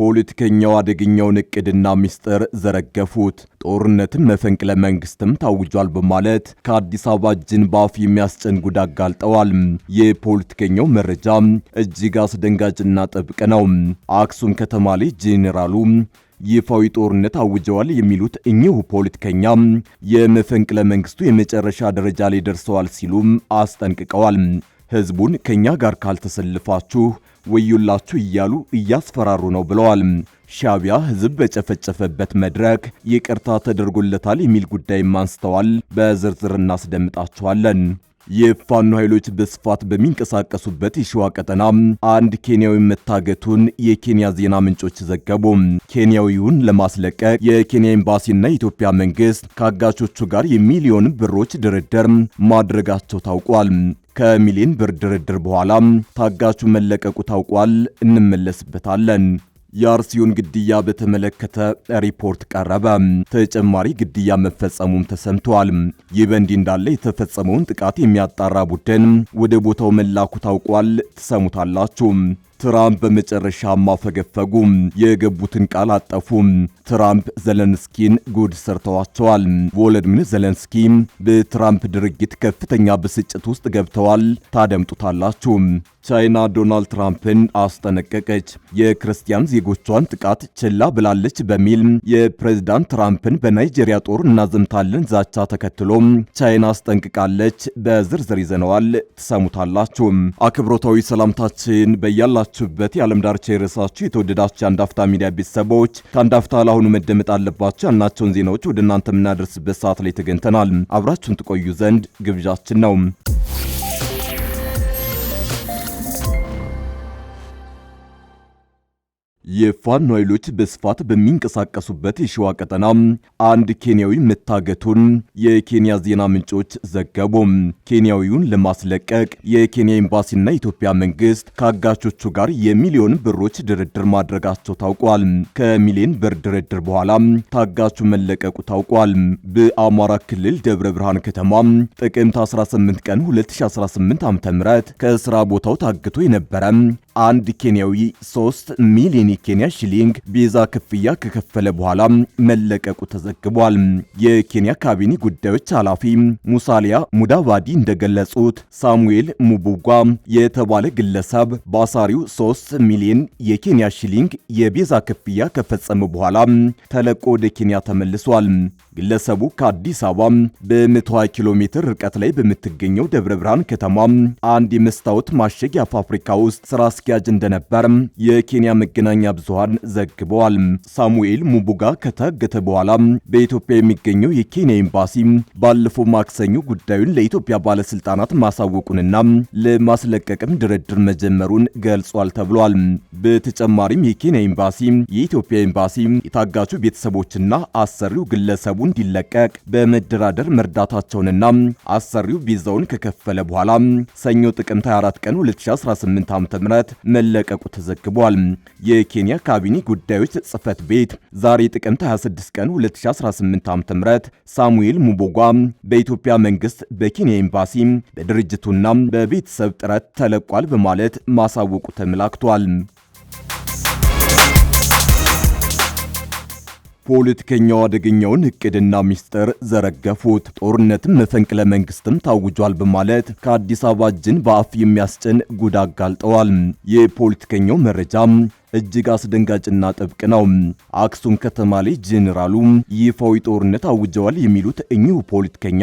ፖለቲከኛው አደገኛውን እቅድና ሚስጥር ዘረገፉት። ጦርነትም መፈንቅለ መንግስትም ታውጇል በማለት ከአዲስ አበባ ጅን በአፍ የሚያስጨንጉድ አጋልጠዋል። የፖለቲከኛው መረጃ እጅግ አስደንጋጭና ጥብቅ ነው። አክሱም ከተማ ላይ ጄኔራሉ ይፋዊ ጦርነት አውጀዋል የሚሉት እኚሁ ፖለቲከኛ የመፈንቅለ መንግስቱ የመጨረሻ ደረጃ ላይ ደርሰዋል ሲሉም አስጠንቅቀዋል። ህዝቡን ከእኛ ጋር ካልተሰልፋችሁ ወዮላችሁ እያሉ እያስፈራሩ ነው ብለዋል። ሻቢያ ህዝብ በጨፈጨፈበት መድረክ ይቅርታ ተደርጎለታል የሚል ጉዳይም አንስተዋል። በዝርዝር እናስደምጣችኋለን። የፋኖ ኃይሎች በስፋት በሚንቀሳቀሱበት የሸዋ ቀጠና አንድ ኬንያዊ መታገቱን የኬንያ ዜና ምንጮች ዘገቡ። ኬንያዊውን ለማስለቀቅ የኬንያ ኤምባሲና የኢትዮጵያ መንግስት ከአጋቾቹ ጋር የሚሊዮን ብሮች ድርድር ማድረጋቸው ታውቋል። ከሚሊን ብር ድርድር በኋላ ታጋቹ መለቀቁ ታውቋል። እንመለስበታለን። የአርሲዮን ግድያ በተመለከተ ሪፖርት ቀረበ። ተጨማሪ ግድያ መፈጸሙም ተሰምቷል። ይህ በእንዲህ እንዳለ የተፈጸመውን ጥቃት የሚያጣራ ቡድን ወደ ቦታው መላኩ ታውቋል። ትሰሙታላችሁ። ትራምፕ በመጨረሻ ማፈገፈጉም የገቡትን ቃል አጠፉ። ትራምፕ ዘለንስኪን ጉድ ሰርተዋቸዋል። ቮሎድሚር ዘለንስኪ በትራምፕ ድርጊት ከፍተኛ ብስጭት ውስጥ ገብተዋል። ታደምጡታላችሁ። ቻይና ዶናልድ ትራምፕን አስጠነቀቀች። የክርስቲያን ዜጎቿን ጥቃት ችላ ብላለች በሚል የፕሬዝዳንት ትራምፕን በናይጄሪያ ጦር እናዘምታለን ዛቻ ተከትሎ ቻይና አስጠንቅቃለች። በዝርዝር ይዘነዋል፣ ትሰሙታላችሁ። አክብሮታዊ ሰላምታችን በያላችሁ ባላችሁበት የዓለም ዳርቻ የረሳችሁ የተወደዳችሁ የአንዳፍታ ሚዲያ ቤተሰቦች ከአንዳፍታ ለአሁኑ መደመጥ አለባቸው ያልናቸውን ዜናዎች ወደ እናንተ የምናደርስበት ሰዓት ላይ ተገኝተናል። አብራችሁን ትቆዩ ዘንድ ግብዣችን ነው። የፋኖ ኃይሎች በስፋት በሚንቀሳቀሱበት የሸዋ ቀጠና አንድ ኬንያዊ መታገቱን የኬንያ ዜና ምንጮች ዘገቡ። ኬንያዊውን ለማስለቀቅ የኬንያ ኤምባሲና የኢትዮጵያ መንግስት ከአጋቾቹ ጋር የሚሊዮን ብሮች ድርድር ማድረጋቸው ታውቋል። ከሚሊዮን ብር ድርድር በኋላ ታጋቹ መለቀቁ ታውቋል። በአማራ ክልል ደብረ ብርሃን ከተማ ጥቅምት 18 ቀን 2018 ዓ.ም ከስራ ቦታው ታግቶ የነበረ አንድ ኬንያዊ 3 ሚሊዮን የኬንያ ሺሊንግ ቤዛ ክፍያ ከከፈለ በኋላ መለቀቁ ተዘግቧል። የኬንያ ካቢኔ ጉዳዮች ኃላፊ ሙሳሊያ ሙዳቫዲ እንደገለጹት ሳሙኤል ሙቡጓ የተባለ ግለሰብ በአሳሪው 3 ሚሊዮን የኬንያ ሺሊንግ የቤዛ ክፍያ ከፈጸመ በኋላ ተለቆ ወደ ኬንያ ተመልሷል። ግለሰቡ ከአዲስ አበባ በ120 ኪሎ ሜትር ርቀት ላይ በምትገኘው ደብረ ብርሃን ከተማ አንድ የመስታወት ማሸጊያ ፋብሪካ ውስጥ ስራ አስኪያጅ እንደነበር የኬንያ መገናኛ ብዙሃን ዘግበዋል። ሳሙኤል ሙቡጋ ከታገተ በኋላ በኢትዮጵያ የሚገኘው የኬንያ ኤምባሲ ባለፈው ማክሰኞ ጉዳዩን ለኢትዮጵያ ባለስልጣናት ማሳወቁንና ለማስለቀቅም ድርድር መጀመሩን ገልጿል ተብሏል። በተጨማሪም የኬንያ ኤምባሲ የኢትዮጵያ ኤምባሲ የታጋቹ ቤተሰቦችና አሰሪው ግለሰቡ እንዲለቀቅ በመደራደር መርዳታቸውንና አሰሪው ቪዛውን ከከፈለ በኋላ ሰኞ ጥቅምት 24 ቀን 2018 ዓ.ም መለቀቁ ተዘግቧል። የኬንያ ካቢኔ ጉዳዮች ጽህፈት ቤት ዛሬ ጥቅምት 26 ቀን 2018 ዓ.ም ሳሙኤል ሙቦጓ በኢትዮጵያ መንግስት በኬንያ ኤምባሲ በድርጅቱና በቤተሰብ ጥረት ተለቋል በማለት ማሳወቁ ተመላክቷል። ፖለቲከኛው አደገኛውን እቅድና ሚስጥር ዘረገፉት። ጦርነትም መፈንቅለ መንግስትም ታውጇል በማለት ከአዲስ አበባ እጅን በአፍ የሚያስጭን ጉድ አጋልጠዋል። የፖለቲከኛው መረጃም እጅግ አስደንጋጭና ጥብቅ ነው። አክሱም ከተማ ላይ ጄኔራሉ ይፋዊ ጦርነት አውጀዋል የሚሉት እኚሁ ፖለቲከኛ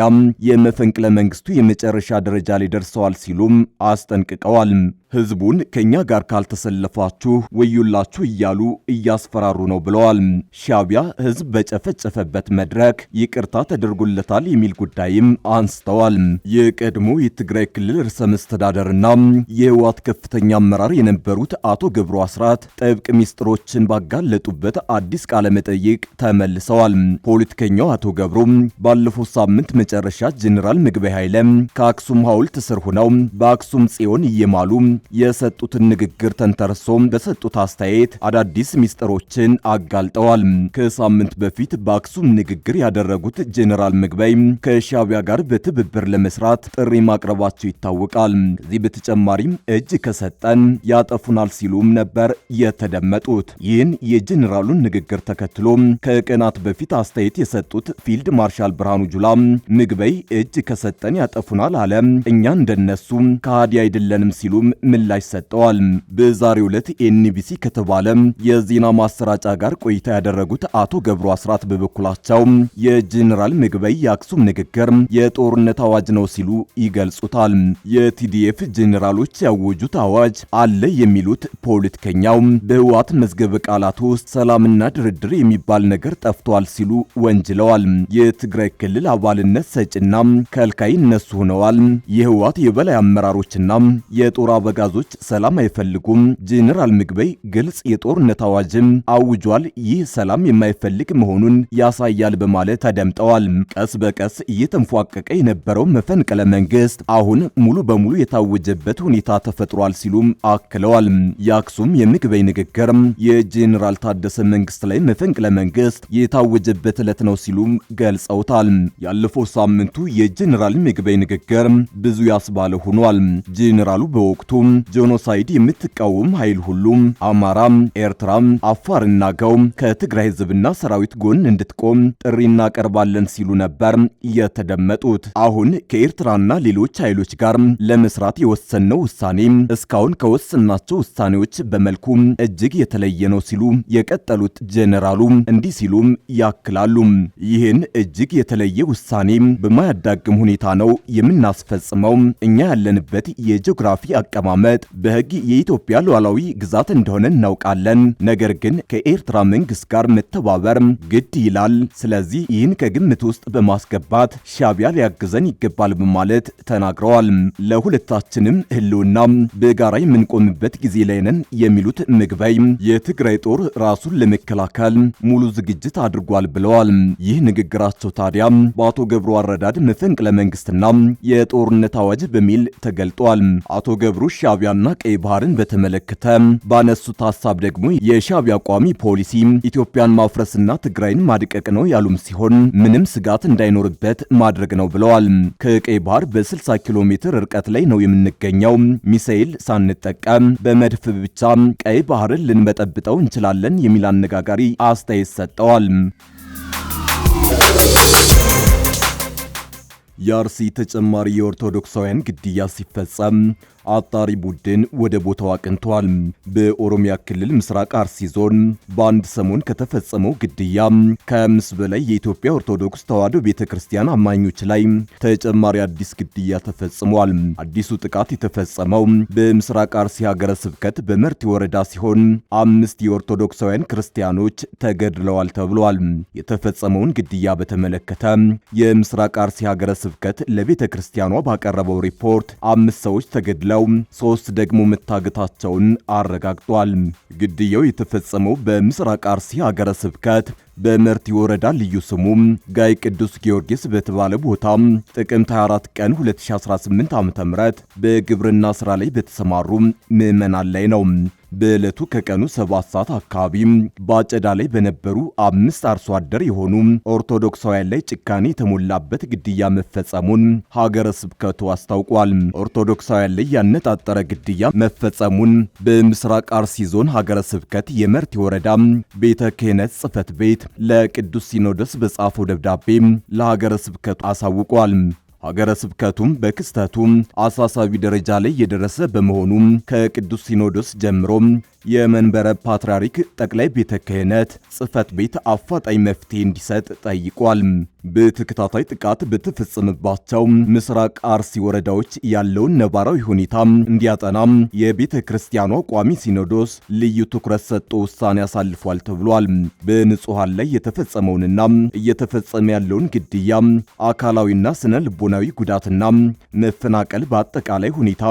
የመፈንቅለ መንግስቱ የመጨረሻ ደረጃ ላይ ደርሰዋል ሲሉም አስጠንቅቀዋል። ህዝቡን ከእኛ ጋር ካልተሰለፋችሁ ወዩላችሁ እያሉ እያስፈራሩ ነው ብለዋል። ሻቢያ ህዝብ በጨፈጨፈበት መድረክ ይቅርታ ተደርጎለታል የሚል ጉዳይም አንስተዋል። የቀድሞ የትግራይ ክልል ርዕሰ መስተዳደርና የህወሓት ከፍተኛ አመራር የነበሩት አቶ ገብሩ አስራት ጥብቅ ሚስጥሮችን ባጋለጡበት አዲስ ቃለመጠይቅ ተመልሰዋል። ፖለቲከኛው አቶ ገብሩ ባለፈው ሳምንት መጨረሻ ጀኔራል ምግበይ ኃይለ ከአክሱም ሐውልት ስር ሆነው በአክሱም ጽዮን እየማሉ የሰጡትን ንግግር ተንተርሶ በሰጡት አስተያየት አዳዲስ ሚስጥሮችን አጋልጠዋል። ከሳምንት በፊት በአክሱም ንግግር ያደረጉት ጄኔራል ምግበይ ከሻቢያ ጋር በትብብር ለመስራት ጥሪ ማቅረባቸው ይታወቃል። ከዚህ በተጨማሪም እጅ ከሰጠን ያጠፉናል ሲሉም ነበር የተደመጡት። ይህን የጄኔራሉን ንግግር ተከትሎ ከቀናት በፊት አስተያየት የሰጡት ፊልድ ማርሻል ብርሃኑ ጁላ ምግበይ እጅ ከሰጠን ያጠፉናል አለ፣ እኛ እንደነሱ ከሃዲ አይደለንም ሲሉም ምላሽ ሰጥተዋል። በዛሬው ዕለት ኤንቢሲ ከተባለ የዜና ማሰራጫ ጋር ቆይታ ያደረጉት አቶ ገብሩ አስራት በበኩላቸው የጄኔራል ምግበይ የአክሱም ንግግር የጦርነት አዋጅ ነው ሲሉ ይገልጹታል። የቲዲኤፍ ጄኔራሎች ያወጁት አዋጅ አለ የሚሉት ፖለቲከኛው በህወሓት መዝገበ ቃላት ውስጥ ሰላምና ድርድር የሚባል ነገር ጠፍቷል ሲሉ ወንጅለዋል። የትግራይ ክልል አባልነት ሰጪና ከልካይ እነሱ ሆነዋል። የህወሓት የበላይ አመራሮችና የጦር አበጋ አጋዞች ሰላም አይፈልጉም። ጄኔራል ምግበይ ግልጽ የጦርነት አዋጅም አውጇል። ይህ ሰላም የማይፈልግ መሆኑን ያሳያል በማለት ተደምጠዋል። ቀስ በቀስ እየተንፏቀቀ የነበረው መፈንቅለ መንግስት አሁን ሙሉ በሙሉ የታወጀበት ሁኔታ ተፈጥሯል ሲሉም አክለዋል። የአክሱም የምግበይ ንግግር የጄኔራል ታደሰ መንግስት ላይ መፈንቅለ መንግስት የታወጀበት ዕለት ነው ሲሉም ገልጸውታል። ያለፈው ሳምንቱ የጄኔራል ምግበይ ንግግር ብዙ ያስባለ ሆኗል። ጄኔራሉ በወቅቱ ሁሉም ጄኖሳይድ የምትቃወም ኃይል ሁሉም አማራም፣ ኤርትራም፣ አፋርና ገው ከትግራይ ህዝብና ሰራዊት ጎን እንድትቆም ጥሪ እናቀርባለን ሲሉ ነበር የተደመጡት። አሁን ከኤርትራና ሌሎች ኃይሎች ጋር ለመስራት የወሰነው ውሳኔ እስካሁን ከወሰናቸው ውሳኔዎች በመልኩ እጅግ የተለየ ነው ሲሉ የቀጠሉት ጄኔራሉ እንዲህ ሲሉም ያክላሉ። ይህን እጅግ የተለየ ውሳኔ በማያዳግም ሁኔታ ነው የምናስፈጽመው። እኛ ያለንበት የጂኦግራፊ አቀማመ ማዳመጥ በሕግ የኢትዮጵያ ሉዓላዊ ግዛት እንደሆነ እናውቃለን። ነገር ግን ከኤርትራ መንግስት ጋር መተባበር ግድ ይላል። ስለዚህ ይህን ከግምት ውስጥ በማስገባት ሻቢያ ሊያግዘን ይገባል በማለት ተናግረዋል። ለሁለታችንም ህልውና በጋራ የምንቆምበት ጊዜ ላይ ነን የሚሉት ምግበይ የትግራይ ጦር ራሱን ለመከላከል ሙሉ ዝግጅት አድርጓል ብለዋል። ይህ ንግግራቸው ታዲያ በአቶ ገብሩ አረዳድ መፈንቅለ መንግስትና የጦርነት አዋጅ በሚል ተገልጧል። አቶ ገብሩ ሻዕቢያና ቀይ ባህርን በተመለከተ ባነሱት ሀሳብ ደግሞ የሻቢያ ቋሚ ፖሊሲ ኢትዮጵያን ማፍረስና ትግራይን ማድቀቅ ነው ያሉም ሲሆን ምንም ስጋት እንዳይኖርበት ማድረግ ነው ብለዋል። ከቀይ ባህር በ60 ኪሎ ሜትር ርቀት ላይ ነው የምንገኘው። ሚሳኤል ሳንጠቀም በመድፍ ብቻ ቀይ ባህርን ልንበጠብጠው እንችላለን የሚል አነጋጋሪ አስተያየት ሰጠዋል። የአርሲ ተጨማሪ የኦርቶዶክሳውያን ግድያ ሲፈጸም አጣሪ ቡድን ወደ ቦታው አቅንቷል። በኦሮሚያ ክልል ምስራቅ አርሲ ዞን በአንድ ሰሞን ከተፈጸመው ግድያ ከአምስት በላይ የኢትዮጵያ ኦርቶዶክስ ተዋሕዶ ቤተ ክርስቲያን አማኞች ላይ ተጨማሪ አዲስ ግድያ ተፈጽሟል። አዲሱ ጥቃት የተፈጸመው በምስራቅ አርሲ ሀገረ ስብከት በመርቲ ወረዳ ሲሆን አምስት የኦርቶዶክሳውያን ክርስቲያኖች ተገድለዋል ተብሏል። የተፈጸመውን ግድያ በተመለከተ የምስራቅ አርሲ ሀገረ ስብከት ለቤተ ክርስቲያኗ ባቀረበው ሪፖርት አምስት ሰዎች ተገድለው ነው። ሶስት ደግሞ መታገታቸውን አረጋግጧል። ግድያው የተፈጸመው በምስራቅ አርሲ ሀገረ ስብከት በመርቲ ወረዳ ልዩ ስሙ ጋይ ቅዱስ ጊዮርጊስ በተባለ ቦታ ጥቅምት 24 ቀን 2018 ዓ.ም በግብርና ስራ ላይ በተሰማሩ ምዕመናን ላይ ነው። በዕለቱ ከቀኑ ሰባት ሰዓት አካባቢ በአጨዳ ላይ በነበሩ አምስት አርሶ አደር የሆኑ ኦርቶዶክሳውያን ላይ ጭካኔ የተሞላበት ግድያ መፈጸሙን ሀገረ ስብከቱ አስታውቋል። ኦርቶዶክሳውያን ላይ ያነጣጠረ ግድያ መፈጸሙን በምስራቅ አርሲ ዞን ሀገረ ስብከት የመርቲ ወረዳ ቤተ ክህነት ጽሕፈት ቤት ለቅዱስ ሲኖዶስ በጻፈው ደብዳቤ ለሀገረ ስብከቱ አሳውቋል። ሀገረ ስብከቱም በክስተቱ አሳሳቢ ደረጃ ላይ የደረሰ በመሆኑ ከቅዱስ ሲኖዶስ ጀምሮ። የመንበረ ፓትርያርክ ጠቅላይ ቤተ ክህነት ጽህፈት ቤት አፋጣኝ መፍትሄ እንዲሰጥ ጠይቋል። በተከታታይ ጥቃት በተፈጸመባቸው ምስራቅ አርሲ ወረዳዎች ያለውን ነባራዊ ሁኔታ እንዲያጠናም የቤተ ክርስቲያኗ ቋሚ ሲኖዶስ ልዩ ትኩረት ሰጥቶ ውሳኔ አሳልፏል ተብሏል። በንጹሐን ላይ የተፈጸመውንና እየተፈጸመ ያለውን ግድያ፣ አካላዊና ስነ ልቦናዊ ጉዳትና መፈናቀል በአጠቃላይ ሁኔታ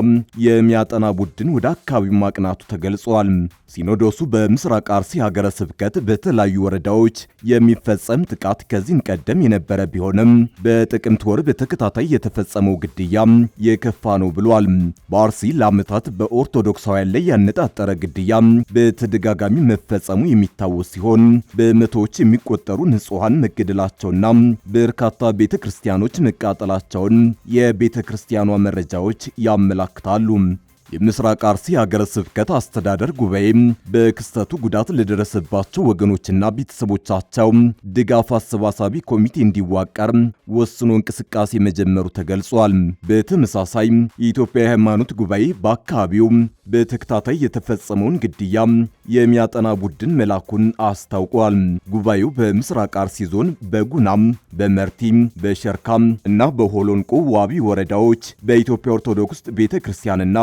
የሚያጠና ቡድን ወደ አካባቢው ማቅናቱ ተገልጿል። ሲኖዶሱ በምስራቅ አርሲ ሀገረ ስብከት በተለያዩ ወረዳዎች የሚፈጸም ጥቃት ከዚህም ቀደም የነበረ ቢሆንም በጥቅምት ወር በተከታታይ የተፈጸመው ግድያ የከፋ ነው ብሏል። በአርሲ ለዓመታት በኦርቶዶክሳውያን ላይ ያነጣጠረ ግድያ በተደጋጋሚ መፈጸሙ የሚታወስ ሲሆን በመቶዎች የሚቆጠሩ ንጹሐን መገደላቸውና በርካታ ቤተ ክርስቲያኖች መቃጠላቸውን የቤተ ክርስቲያኗ መረጃዎች ያመላክታሉ። የምስራቅ አርሲ ሀገረ ስብከት አስተዳደር ጉባኤ በክስተቱ ጉዳት ለደረሰባቸው ወገኖችና ቤተሰቦቻቸው ድጋፍ አሰባሳቢ ኮሚቴ እንዲዋቀር ወስኖ እንቅስቃሴ መጀመሩ ተገልጿል። በተመሳሳይ የኢትዮጵያ የሃይማኖት ጉባኤ በአካባቢው በተከታታይ የተፈጸመውን ግድያ የሚያጠና ቡድን መላኩን አስታውቋል። ጉባኤው በምስራቅ አርሲ ዞን በጉናም፣ በመርቲም፣ በሸርካም እና በሆሎንቆ ዋቢ ወረዳዎች በኢትዮጵያ ኦርቶዶክስ ቤተ ክርስቲያንና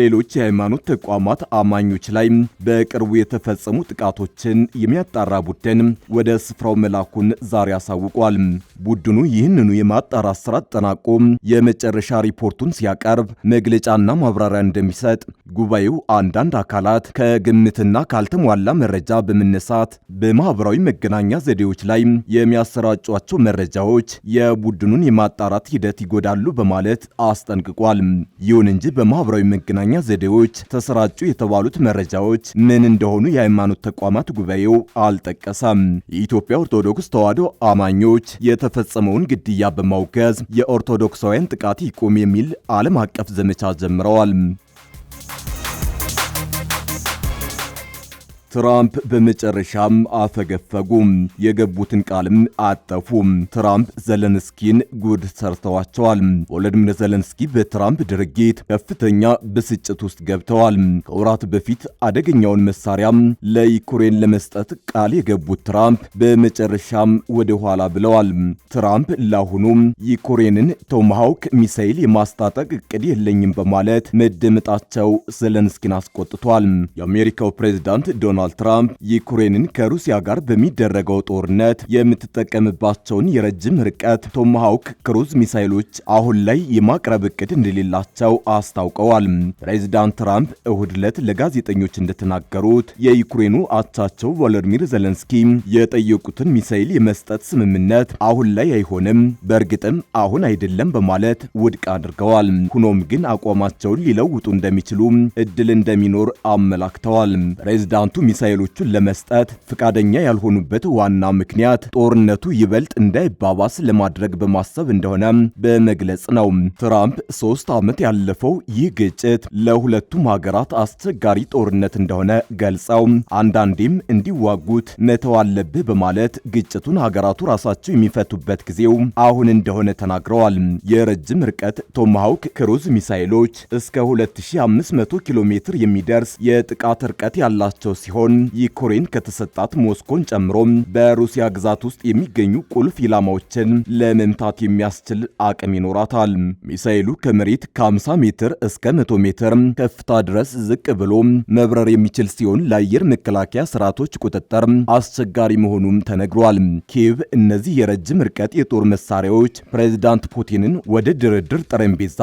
ሌሎች የሃይማኖት ተቋማት አማኞች ላይ በቅርቡ የተፈጸሙ ጥቃቶችን የሚያጣራ ቡድን ወደ ስፍራው መላኩን ዛሬ አሳውቋል። ቡድኑ ይህንኑ የማጣራት ስራ አጠናቆ የመጨረሻ ሪፖርቱን ሲያቀርብ መግለጫና ማብራሪያ እንደሚሰጥ ጉባኤው አንዳንድ አካላት ከግምትና ካልተሟላ መረጃ በመነሳት በማህበራዊ መገናኛ ዘዴዎች ላይ የሚያሰራጯቸው መረጃዎች የቡድኑን የማጣራት ሂደት ይጎዳሉ በማለት አስጠንቅቋል። ይሁን እንጂ በማህበራዊ መገናኛ ዘዴዎች ተሰራጩ የተባሉት መረጃዎች ምን እንደሆኑ የሃይማኖት ተቋማት ጉባኤው አልጠቀሰም። የኢትዮጵያ ኦርቶዶክስ ተዋሕዶ አማኞች የተፈጸመውን ግድያ በማውገዝ የኦርቶዶክሳውያን ጥቃት ይቁም የሚል ዓለም አቀፍ ዘመቻ ጀምረዋል። ትራምፕ በመጨረሻም አፈገፈጉም፣ የገቡትን ቃልም አጠፉም። ትራምፕ ዘለንስኪን ጉድ ሰርተዋቸዋል። ቮሎዲሚር ዘለንስኪ በትራምፕ ድርጊት ከፍተኛ ብስጭት ውስጥ ገብተዋል። ከወራት በፊት አደገኛውን መሳሪያም ለዩክሬን ለመስጠት ቃል የገቡት ትራምፕ በመጨረሻም ወደ ኋላ ብለዋል። ትራምፕ ለአሁኑ ዩክሬንን ቶማሃውክ ሚሳይል የማስታጠቅ እቅድ የለኝም በማለት መደመጣቸው ዘለንስኪን አስቆጥቷል። የአሜሪካው ፕሬዚዳንት ዶናልድ ዶናልድ ትራምፕ ዩክሬንን ከሩሲያ ጋር በሚደረገው ጦርነት የምትጠቀምባቸውን የረጅም ርቀት ቶማሃውክ ክሩዝ ሚሳይሎች አሁን ላይ የማቅረብ እቅድ እንደሌላቸው አስታውቀዋል። ፕሬዚዳንት ትራምፕ እሁድ ዕለት ለጋዜጠኞች እንደተናገሩት የዩክሬኑ አቻቸው ቮሎዲሚር ዘለንስኪ የጠየቁትን ሚሳይል የመስጠት ስምምነት አሁን ላይ አይሆንም፣ በእርግጥም አሁን አይደለም በማለት ውድቅ አድርገዋል። ሆኖም ግን አቋማቸውን ሊለውጡ እንደሚችሉ እድል እንደሚኖር አመላክተዋል። ፕሬዚዳንቱ ሚሳኤሎቹን ለመስጠት ፈቃደኛ ያልሆኑበት ዋና ምክንያት ጦርነቱ ይበልጥ እንዳይባባስ ለማድረግ በማሰብ እንደሆነ በመግለጽ ነው። ትራምፕ ሶስት ዓመት ያለፈው ይህ ግጭት ለሁለቱም ሀገራት አስቸጋሪ ጦርነት እንደሆነ ገልጸው አንዳንዴም እንዲዋጉት መተው አለብህ በማለት ግጭቱን ሀገራቱ ራሳቸው የሚፈቱበት ጊዜው አሁን እንደሆነ ተናግረዋል። የረጅም ርቀት ቶማሃውክ ክሩዝ ሚሳኤሎች እስከ 2500 ኪሎ ሜትር የሚደርስ የጥቃት ርቀት ያላቸው ሲሆን ሲሆን ዩክሬን ከተሰጣት ሞስኮን ጨምሮ በሩሲያ ግዛት ውስጥ የሚገኙ ቁልፍ ኢላማዎችን ለመምታት የሚያስችል አቅም ይኖራታል። ሚሳኤሉ ከመሬት ከ50 ሜትር እስከ 100 ሜትር ከፍታ ድረስ ዝቅ ብሎ መብረር የሚችል ሲሆን ለአየር መከላከያ ስርዓቶች ቁጥጥር አስቸጋሪ መሆኑም ተነግሯል። ኪየቭ እነዚህ የረጅም ርቀት የጦር መሳሪያዎች ፕሬዚዳንት ፑቲንን ወደ ድርድር ጠረጴዛ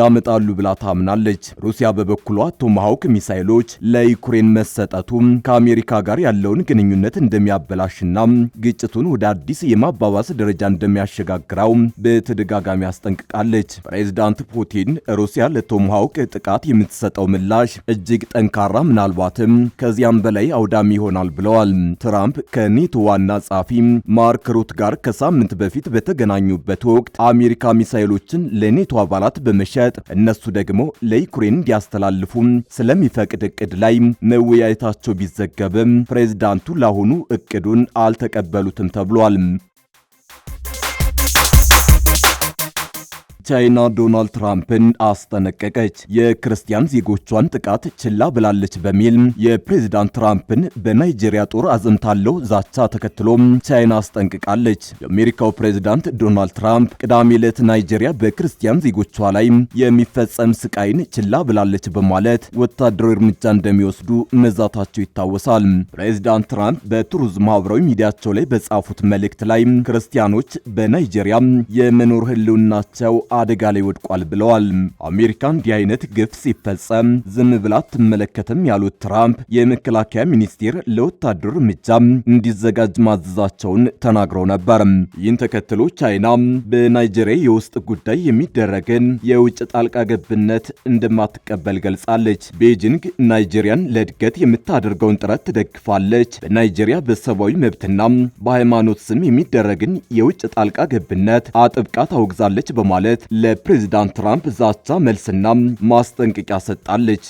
ያመጣሉ ብላ ታምናለች። ሩሲያ በበኩሏ ቶማሃውክ ሚሳይሎች ለዩክሬን መሰጠቱም ። ከአሜሪካ ጋር ያለውን ግንኙነት እንደሚያበላሽና ግጭቱን ወደ አዲስ የማባባስ ደረጃ እንደሚያሸጋግረው በተደጋጋሚ አስጠንቅቃለች። ፕሬዚዳንት ፑቲን ሩሲያ ለቶምሃውክ ጥቃት የምትሰጠው ምላሽ እጅግ ጠንካራ፣ ምናልባትም ከዚያም በላይ አውዳሚ ይሆናል ብለዋል። ትራምፕ ከኔቶ ዋና ጸሐፊ ማርክ ሩት ጋር ከሳምንት በፊት በተገናኙበት ወቅት አሜሪካ ሚሳይሎችን ለኔቶ አባላት በመሸጥ እነሱ ደግሞ ለዩክሬን እንዲያስተላልፉ ስለሚፈቅድ እቅድ ላይ መወያየታቸው ቢዘገብም ፕሬዚዳንቱ ለአሁኑ እቅዱን አልተቀበሉትም ተብሏል። ቻይና ዶናልድ ትራምፕን አስጠነቀቀች። የክርስቲያን ዜጎቿን ጥቃት ችላ ብላለች በሚል የፕሬዚዳንት ትራምፕን በናይጄሪያ ጦር አዘምታለሁ ዛቻ ተከትሎም ቻይና አስጠንቅቃለች። የአሜሪካው ፕሬዚዳንት ዶናልድ ትራምፕ ቅዳሜ ዕለት ናይጄሪያ በክርስቲያን ዜጎቿ ላይ የሚፈጸም ስቃይን ችላ ብላለች በማለት ወታደራዊ እርምጃ እንደሚወስዱ መዛታቸው ይታወሳል። ፕሬዚዳንት ትራምፕ በቱሩዝ ማህበራዊ ሚዲያቸው ላይ በጻፉት መልእክት ላይ ክርስቲያኖች በናይጄሪያ የመኖር ህልውናቸው አደጋ ላይ ወድቋል ብለዋል። አሜሪካ እንዲህ አይነት ግፍ ሲፈጸም ዝም ብላ አትመለከትም ያሉት ትራምፕ የመከላከያ ሚኒስቴር ለወታደር እርምጃ እንዲዘጋጅ ማዘዛቸውን ተናግረው ነበር። ይህን ተከትሎ ቻይና በናይጄሪያ የውስጥ ጉዳይ የሚደረግን የውጭ ጣልቃ ገብነት እንደማትቀበል ገልጻለች። ቤጂንግ ናይጄሪያን ለእድገት የምታደርገውን ጥረት ትደግፋለች። በናይጄሪያ በሰብአዊ መብትና በሃይማኖት ስም የሚደረግን የውጭ ጣልቃ ገብነት አጥብቃ ታወግዛለች በማለት ለፕሬዚዳንት ትራምፕ ዛቻ መልስና ማስጠንቀቂያ ሰጣለች።